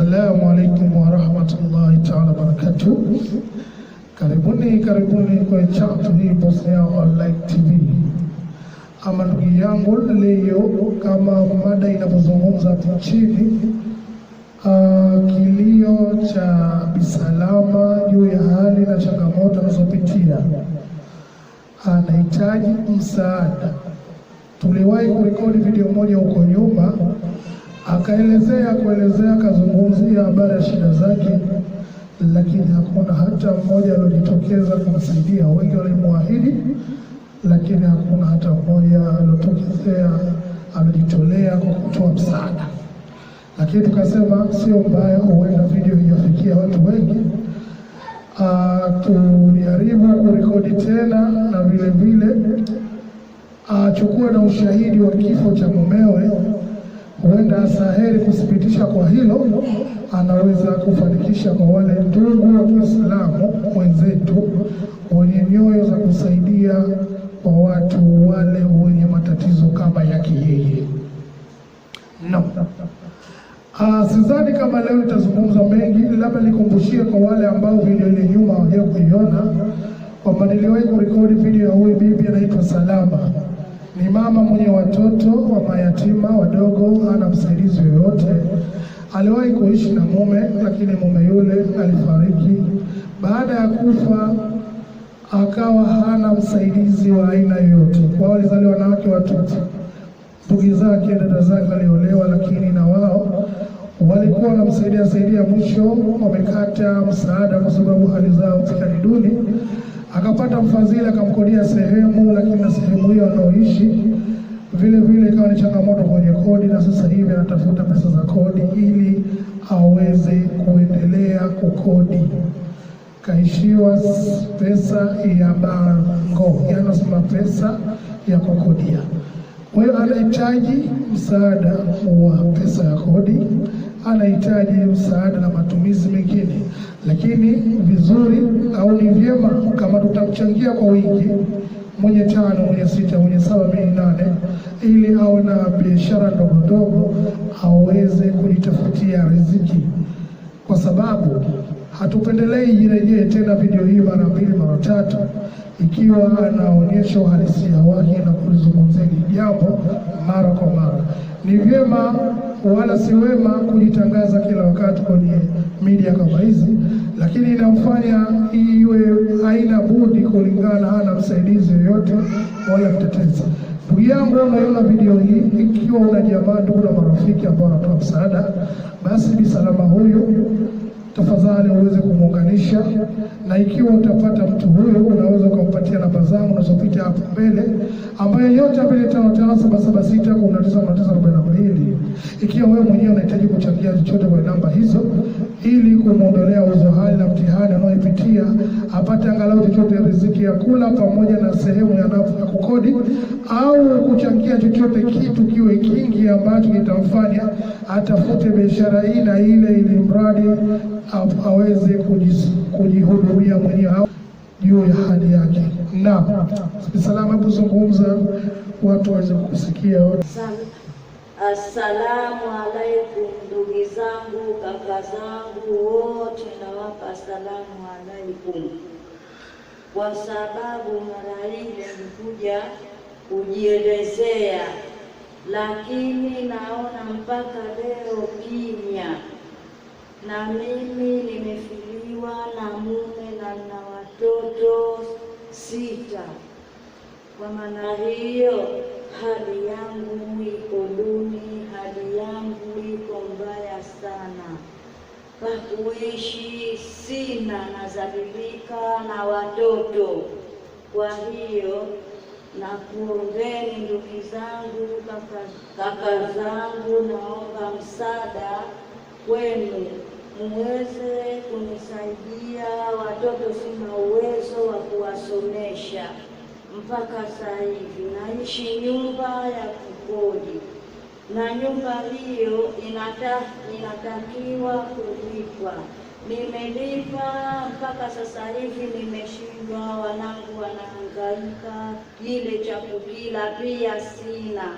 Assalamu alaikum warahmatullahi taala wabarakatuh. Karibuni, karibuni kwenye chatu hii Bosnia Online TV. Ama ndugu yangu, leo kama mada inavyozungumza hapo chini, uh, kilio cha Bisalama juu ya hali na changamoto anazopitia, anahitaji msaada. Tuliwahi kurekodi video moja huko nyuma akaelezea kuelezea, akazungumzia habari ya shida zake, lakini hakuna hata mmoja aliojitokeza kumsaidia. Wengi walimwahidi, lakini hakuna hata mmoja aliotokezea amejitolea kwa kutoa msaada. Lakini tukasema sio mbaya, huenda video ijafikia watu wengi, ah, tujaribu kurekodi tena na vilevile achukue na ushahidi wa kifo cha mumewe huenda saheri kusipitisha kwa hilo, anaweza kufanikisha kwa wale ndugu wa Kiislamu wenzetu wenye nyoyo za kusaidia kwa watu wale wenye matatizo kama yake yeye. No, ah, sidhani kama leo itazungumza mengi, labda nikumbushie kwa wale ambao video ile nyuma hawajakuiona kwamba niliwahi kurekodi video ya huyu bibi anaitwa Salama ni mama mwenye watoto wa mayatima wadogo, ana msaidizi yoyote. Aliwahi kuishi na mume, lakini mume yule alifariki. Baada ya kufa akawa hana msaidizi wa aina yoyote. Kwao walizaliwa wanawake watoto, ndugu zake, dada zake waliolewa, lakini na wao walikuwa wanamsaidia saidia. Mwisho wamekata msaada kwa sababu hali zao ni duni akapata mfadhili akamkodia sehemu, lakini na sehemu hiyo anaoishi vile vile ikawa ni changamoto kwenye kodi, na sasa hivi anatafuta pesa za kodi ili aweze kuendelea kukodi. Kaishiwa pesa ya bango, yaani nasema pesa ya kukodia. Kwa hiyo anahitaji msaada wa pesa ya kodi, anahitaji msaada na matumizi mengine, lakini vizuri au ni vyema kuchangia kwa wingi, mwenye tano, mwenye sita, mwenye saba, mwenye nane, ili awe na biashara ndogo ndogo aweze kujitafutia riziki, kwa sababu hatupendelei jirejee tena video hii mara mbili mara tatu, ikiwa anaonyesha uhalisia wake na kulizungumzia jambo mara kwa mara. Ni vyema wala si wema kujitangaza kila wakati kwenye media kama hizi inamfanya iwe haina budi kulingana, hana msaidizi yoyote wala mtetezi. Ndugu yangu, unaona video hii, ikiwa una jamaa, ndugu na marafiki ambao wanatoa msaada, basi bi salama huyu tafadhali uweze kumuunganisha, na ikiwa utapata mtu huyo, unaweza ukampatia namba zangu unazopita hapo mbele, ambayo yote mbili tano tano saba saba sita kumi na tisa arobaini na mbili. Ikiwa wewe mwenyewe unahitaji kuchangia chochote kwenye namba hizo ili kumwondolea uzohali na mtihani anaoipitia, apate angalau chochote riziki ya kula pamoja na sehemu ya nafu ya kukodi, au kuchangia chochote kitu kiwe kingi ambacho kitamfanya atafute biashara hii na ile, ili mradi aweze kujihudumia mwenyewe juu ya hali yake. Na salama, hebu zungumza watu waweze kukusikia. Asalamu alaykum baba zangu wote nawapa salamu alaikum, kwa sababu mara ile nilikuja kujielezea, lakini naona mpaka leo kimya, na mimi nimefiliwa na mume na na watoto sita. Kwa maana hiyo hali yangu iko pa kuishi sina, nazabilika na watoto. Kwa hiyo nakuombeni ndugu zangu, kaka zangu, naomba msaada kwenu muweze kunisaidia. Watoto sina uwezo wa kuwasomesha mpaka sasa hivi, naishi nyumba ya kukodi na nyumba hiyo inata, inatakiwa kulipwa. Nimelipa mpaka sasa hivi, nimeshindwa, wanangu wanahangaika, kile cha kukila pia sina,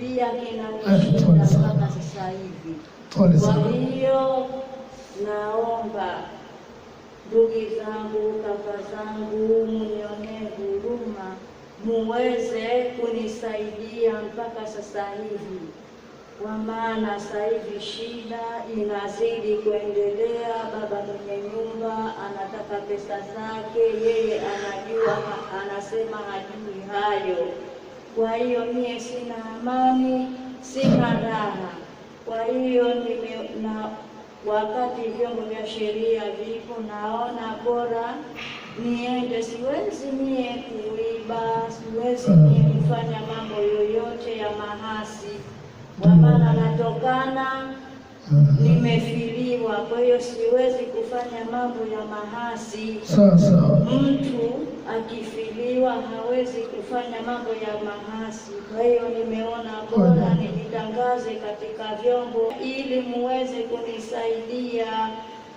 pia kinanishinda eh, mpaka sasa hivi. Kwa hiyo naomba ndugu zangu, kaka zangu, munionee huruma, muweze kunisaidia mpaka sasa hivi kwa maana sahivi shida inazidi kuendelea. Baba mwenye nyumba anataka pesa zake, yeye anajua, anasema hajui hayo. Kwa hiyo mie sina amani, sina raha. Kwa hiyo nime na wakati vyombo vya sheria vipo, naona bora niende. Siwezi mie kuiba, siwezi mie kufanya mambo yoyote ya mahasi Wababa natokana, nimefiliwa, kwa hiyo siwezi kufanya mambo ya mahasi. Sasa mtu akifiliwa hawezi kufanya mambo ya mahasi, kwa hiyo nimeona bora nijitangaze katika vyombo ili muweze kunisaidia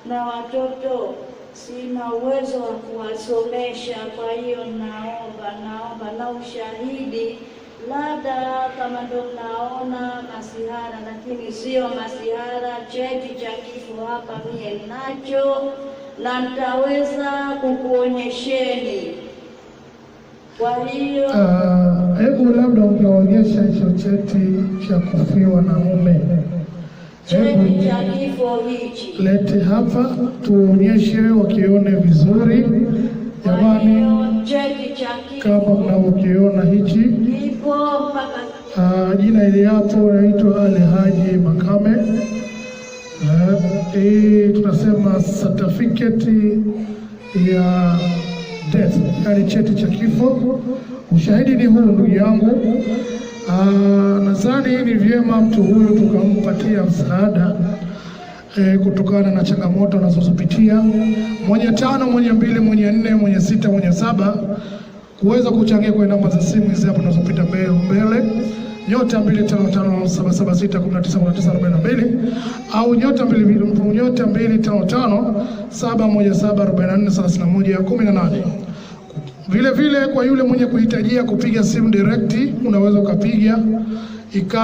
na watoto sina uwezo wa kuwasomesha, kwa hiyo naomba, naomba na ushahidi labda kama ndo mnaona masihara, lakini sio masihara. Cheti cha kifo hapa mie ninacho na nitaweza kukuonyesheni. Kwa hiyo ah, hebu uh, labda ungeonyesha hicho cheti cha kufiwa na mume, cheti cha kifo hichi lete hapa tuonyeshe, wakione vizuri Jamani, kama mnavyokiona hichi ah, jina ili hapo naitwa Ali Haji Makame. Eh, hii uh, tunasema certificate ya death, yaani cheti cha kifo. Ushahidi ni huu ndugu yangu. nazani ah, nadhani ni vyema mtu huyu tukampatia msaada e, kutokana na changamoto anazozipitia mwenye tano, mwenye mbili, mwenye nne, mwenye sita, mwenye saba kuweza kuchangia kwa namba za simu hizi hapo zinazopita mbele mbele, nyota mbili tano tano saba saba sita kumi kumi na na na tisa tisa arobaini mbili au nyota mbili nyota mbili tano tano saba saba moja moja arobaini na na na nne thelathini kumi nane. Vile vile kwa yule mwenye kuhitajia kupiga simu direct unaweza ukapiga ika